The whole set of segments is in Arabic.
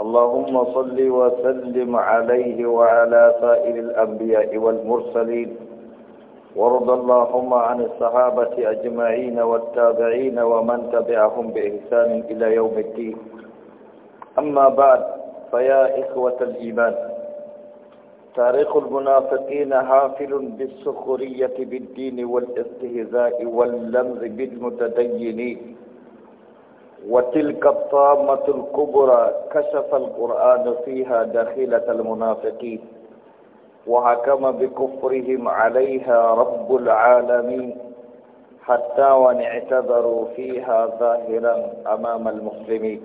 اللهم صل وسلم عليه وعلى سائر الأنبياء والمرسلين وارض اللهم عن الصحابة أجمعين والتابعين ومن تبعهم بإحسان إلى يوم الدين أما بعد فيا إخوة الإيمان تاريخ المنافقين حافل بالسخرية بالدين والاستهزاء واللمز بالمتدينين وتلك الطامة الكبرى كشف القرآن فيها داخلة المنافقين وحكم بكفرهم عليها رب العالمين حتى وان اعتذروا فيها ظاهرا أمام المسلمين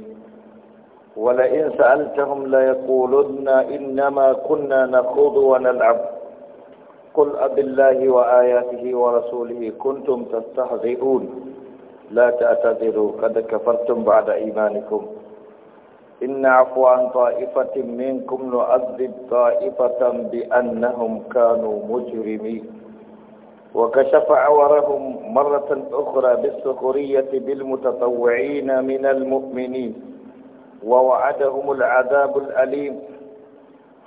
ولئن سألتهم ليقولن إنما كنا نخوض ونلعب قل أبالله وآياته ورسوله كنتم تستهزئون لا تعتذروا قد كفرتم بعد إيمانكم إن عفوا عن طائفة منكم نعذب طائفة بأنهم كانوا مجرمين وكشف عورهم مرة أخرى بالسخرية بالمتطوعين من المؤمنين ووعدهم العذاب الأليم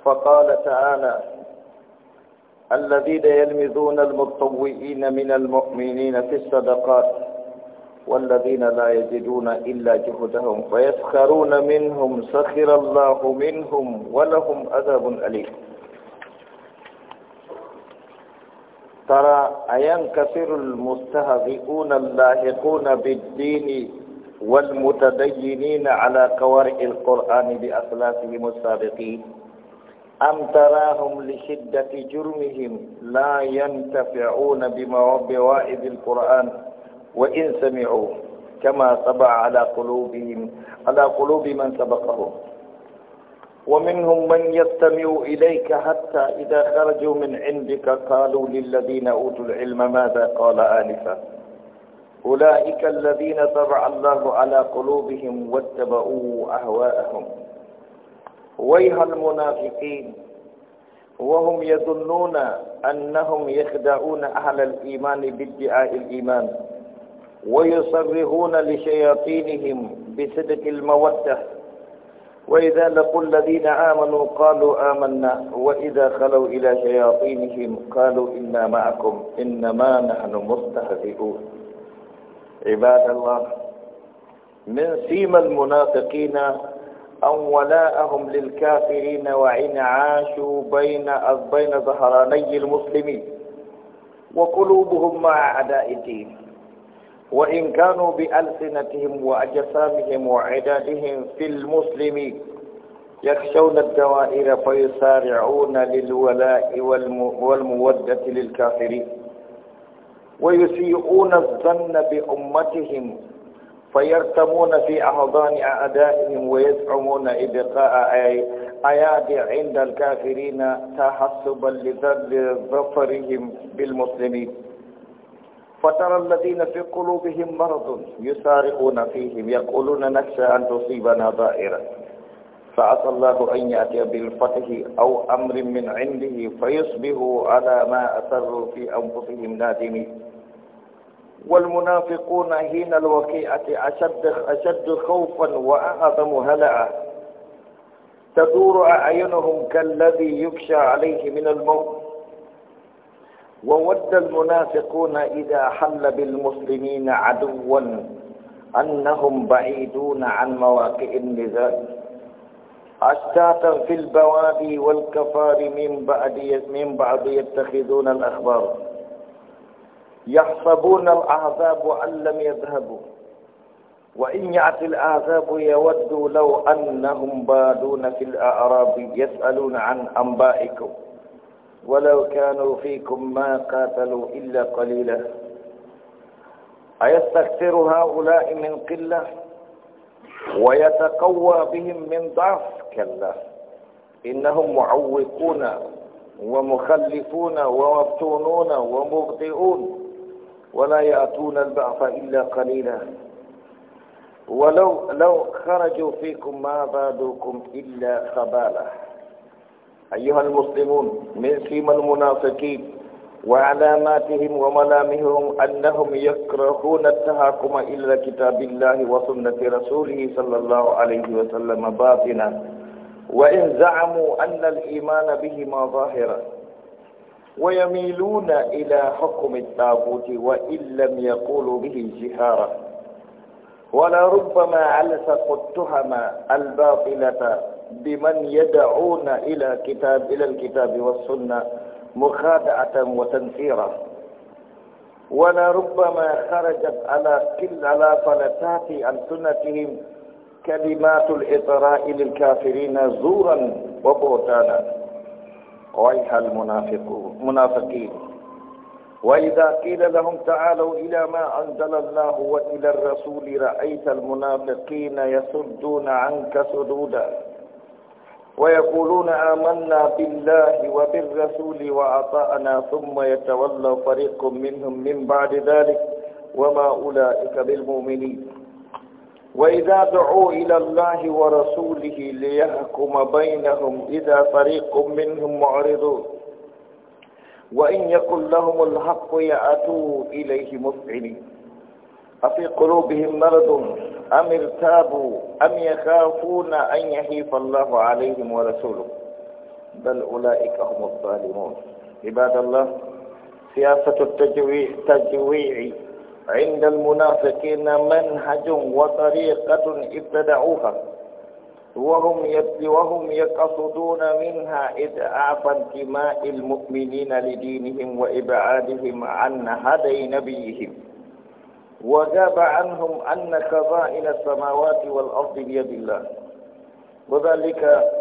فقال تعالى الذين يلمزون المتطوئين من المؤمنين في الصدقات والذين لا يجدون إلا جهدهم فيسخرون منهم سخر الله منهم ولهم أذاب أليم ترى كثير المستهزئون اللاحقون بالدين والمتدينين على قوارئ القرآن بأخلاقهم السابقين أم تراهم لشدة جرمهم لا ينتفعون بمواعظ القرآن وإن سمعوا كما طبع على قلوبهم على قلوب من سبقهم ومنهم من يستمع إليك حتى إذا خرجوا من عندك قالوا للذين أوتوا العلم ماذا قال آنفا أولئك الذين طبع الله على قلوبهم واتبعوا أهواءهم ويها المنافقين وهم يظنون أنهم يخدعون أهل الإيمان بادعاء الإيمان ويصرهون لشياطينهم بصدق المودة وإذا لقوا الذين آمنوا قالوا آمنا وإذا خلوا إلى شياطينهم قالوا إنا معكم إنما نحن مستهزئون عباد الله من سيم المنافقين أن ولاءهم للكافرين وإن عاشوا بين بين ظهراني المسلمين وقلوبهم مع أعداء الدين وإن كانوا بألسنتهم وأجسامهم وعدادهم في المسلم يخشون الدوائر فيسارعون للولاء والمودة للكافرين ويسيئون الظن بأمتهم فيرتمون في أحضان أعدائهم ويزعمون إبقاء أياد عند الكافرين تحسبا لظفرهم بالمسلمين فترى الذين في قلوبهم مرض يسارعون فيهم يقولون نخشى أن تصيبنا دائرة فعسى الله أن يأتي بالفتح أو أمر من عنده فيصبحوا على ما أسروا في أنفسهم نادمين والمنافقون حين الوقيعة أشد, أشد خوفا وأعظم هلعا تدور أعينهم كالذي يكشى عليه من الموت وود المنافقون إذا حل بالمسلمين عدوا أنهم بعيدون عن مواقع النزال أشتاتا في البوادي والكفار من بعد من بعد يتخذون الأخبار يحسبون الأعذاب أن لم يذهبوا وإن يأتي الأعذاب يودوا لو أنهم بادون في الأعراب يسألون عن أنبائكم ولو كانوا فيكم ما قاتلوا إلا قليلا أيستكثر هؤلاء من قلة ويتقوى بهم من ضعف كلا إنهم معوقون ومخلفون ومبتونون ومبطئون ولا يأتون البعث إلا قليلا ولو لو خرجوا فيكم ما بادوكم إلا خبالة أيها المسلمون من سيما المنافقين وعلاماتهم وملامهم أنهم يكرهون التهاكم إلى كتاب الله وسنة رسوله صلى الله عليه وسلم باطنا وإن زعموا أن الإيمان بهما ظاهرا ويميلون إلى حكم التابوت وإن لم يقولوا به جهارا ولربما علسقوا التهم الباطلة بمن يدعون إلى كتاب إلى الكتاب والسنة مخادعة وتنفيرا ولربما خرجت على كل على فلتات ألسنتهم كلمات الإطراء للكافرين زورا وبهتانا ويح المنافقون وإذا قيل لهم تعالوا إلى ما أنزل الله وإلى الرسول رأيت المنافقين يصدون عنك صدودا ويقولون آمنا بالله وبالرسول وأطعنا ثم يتولى فريق منهم من بعد ذلك وما أولئك بالمؤمنين وإذا دعوا إلى الله ورسوله ليحكم بينهم إذا فريق منهم معرضون وإن يكن لهم الحق يأتوا إليه مسعنين أفي قلوبهم مرض أم ارتابوا أم يخافون أن يحيف الله عليهم ورسوله بل أولئك هم الظالمون عباد الله سياسة التجويع عند المنافقين منهج وطريقة ابتدعوها وهم وهم يقصدون منها إضعاف انتماء المؤمنين لدينهم وإبعادهم عن هدي نبيهم وجاب عنهم أن خزائن السماوات والأرض بيد الله وذلك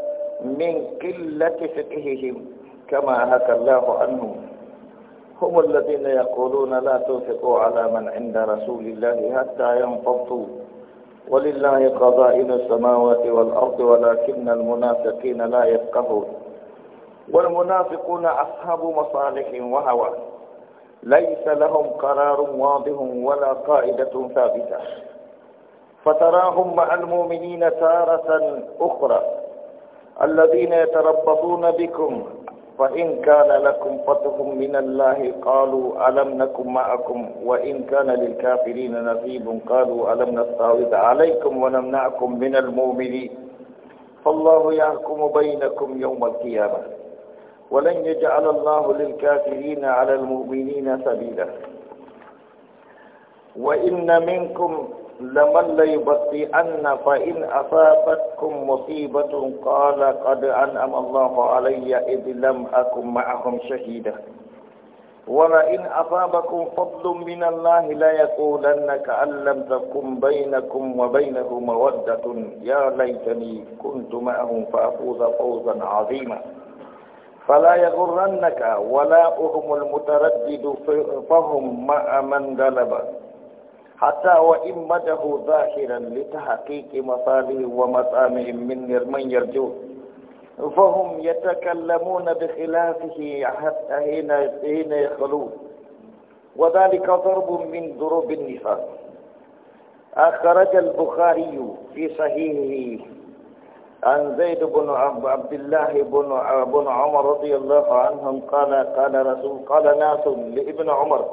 من قلة فقههم كما هكى الله عنهم هم الذين يقولون لا تنفقوا على من عند رسول الله حتى ينفضوا ولله قضائن السماوات والأرض ولكن المنافقين لا يفقهون والمنافقون أصحاب مصالح وهوى ليس لهم قرار واضح ولا قائدة ثابتة فتراهم مع المؤمنين تارة أخرى الذين يتربصون بكم فإن كان لكم فتح من الله قالوا ألم نكن معكم وإن كان للكافرين نصيب قالوا ألم نستعوذ عليكم ونمنعكم من المؤمنين فالله يحكم بينكم يوم القيامة ولن يجعل الله للكافرين على المؤمنين سبيلا وإن منكم لمن ليبطئن فإن أصابتكم مصيبة قال قد أنعم الله علي إذ لم أكن معهم شهيدا ولئن أصابكم فضل من الله ليقولن كأن لم تكن بينكم وبينه مودة يا ليتني كنت معهم فأفوز فوزا عظيما فلا يغرنك ولاؤهم المتردد فهم مع من غلب حتى وإن مده ظاهرا لتحقيق مصالح ومطامع من من يرجوه فهم يتكلمون بخلافه حتى حين حين يخلون وذلك ضرب من ضروب النفاق أخرج البخاري في صحيحه عن زيد بن عبد الله بن بن عمر رضي الله عنهم قال قال رسول قال ناس لابن عمر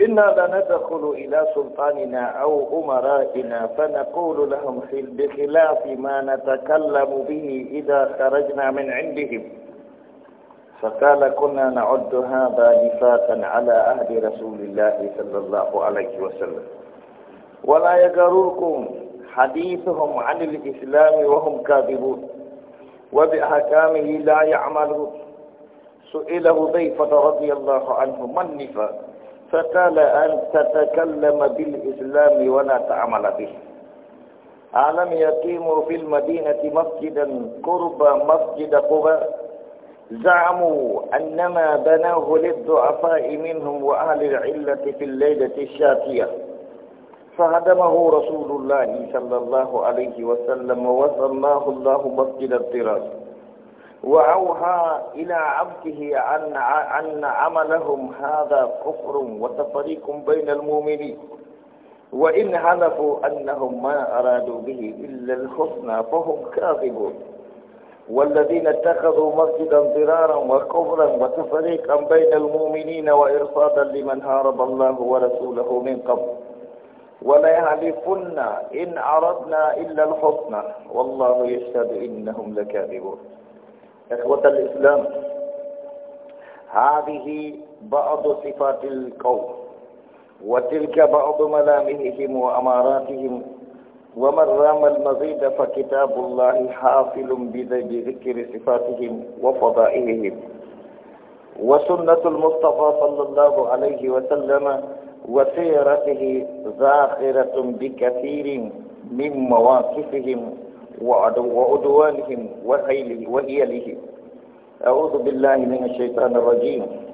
إنا لندخل إلى سلطاننا أو أمرائنا فنقول لهم بخلاف ما نتكلم به إذا خرجنا من عندهم فقال كنا نعد هذا نفاقا على أهل رسول الله صلى الله عليه وسلم ولا يجروكم حديثهم عن الإسلام وهم كاذبون وبأحكامه لا يعملون سئل ضيفة رضي الله عنه ما النفاق فقال أن تتكلم بالإسلام ولا تعمل به ألم يقيموا في المدينة مسجدا قرب مسجد قباء زعموا أنما بناه للضعفاء منهم وأهل العلة في الليلة الشاتية فهدمه رسول الله صلى الله عليه وسلم وصلاه الله مسجد الطراز وأوحى إلى عبده أن أن عملهم هذا كفر وتفريق بين المؤمنين وإن حلفوا أنهم ما أرادوا به إلا الحسنى فهم كاذبون والذين اتخذوا مسجدا ضرارا وكفرا وتفريقا بين المؤمنين وإرصادا لمن هارب الله ورسوله من قبل ولا يعرفن إن أردنا إلا الحسنى والله يشهد إنهم لكاذبون إخوة الإسلام هذه بعض صفات القوم وتلك بعض ملامحهم وأماراتهم ومن رام المزيد فكتاب الله حافل بذكر صفاتهم وفضائلهم وسنة المصطفى صلى الله عليه وسلم وسيرته زاخرة بكثير من مواقفهم وعدوانهم وحيله وحيله أعوذ بالله من الشيطان الرجيم